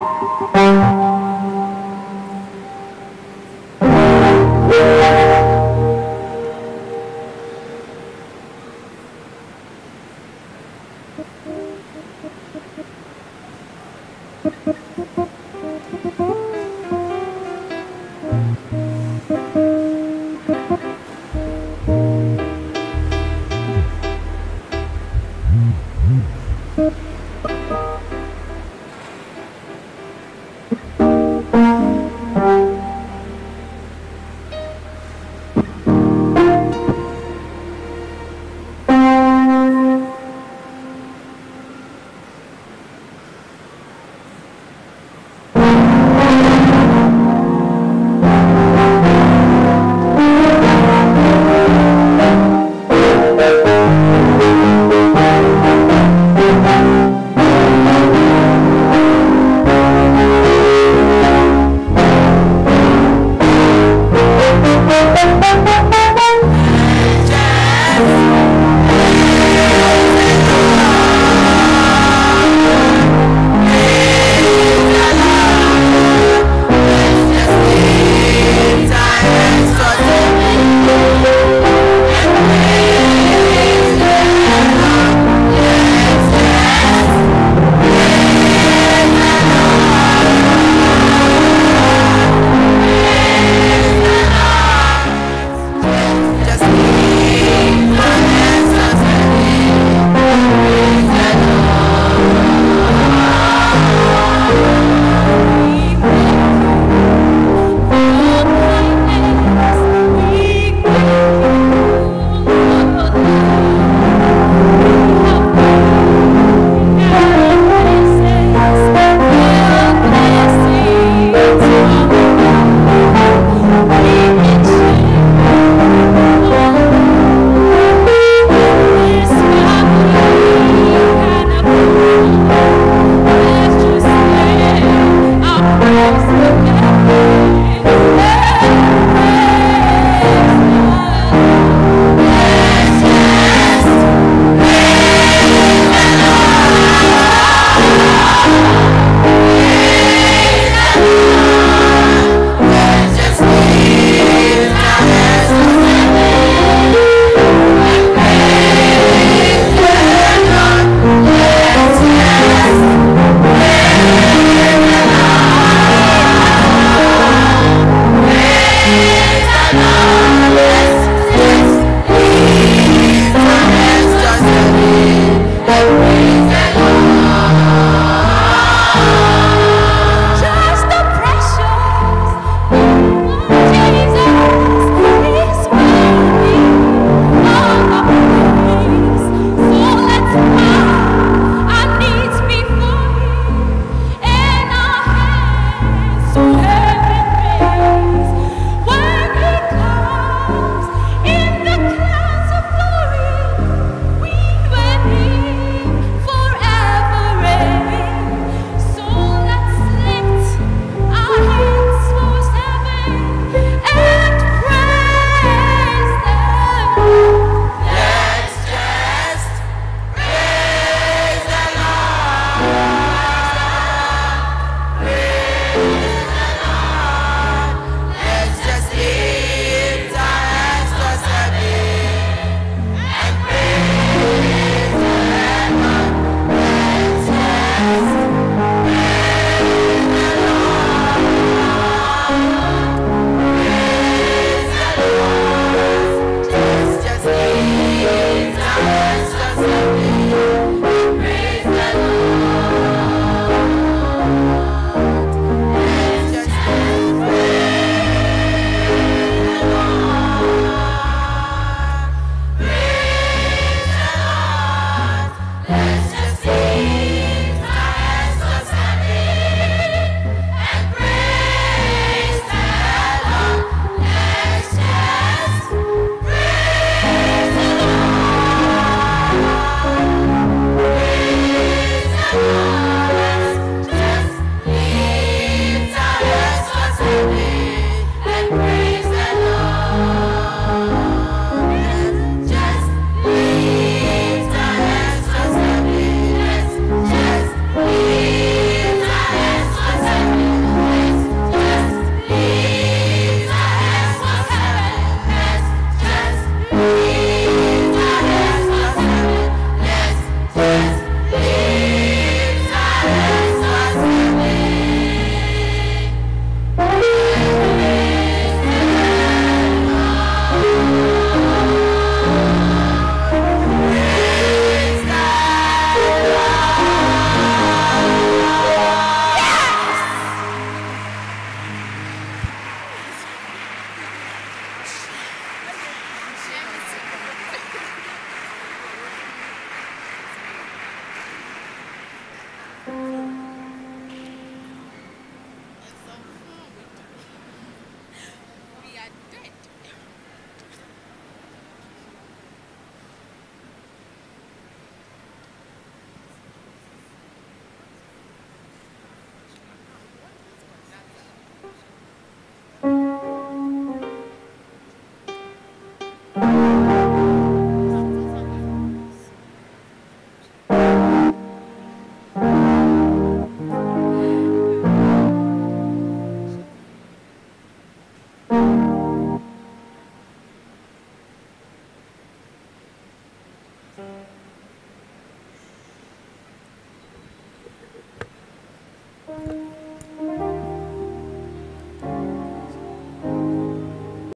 Bye.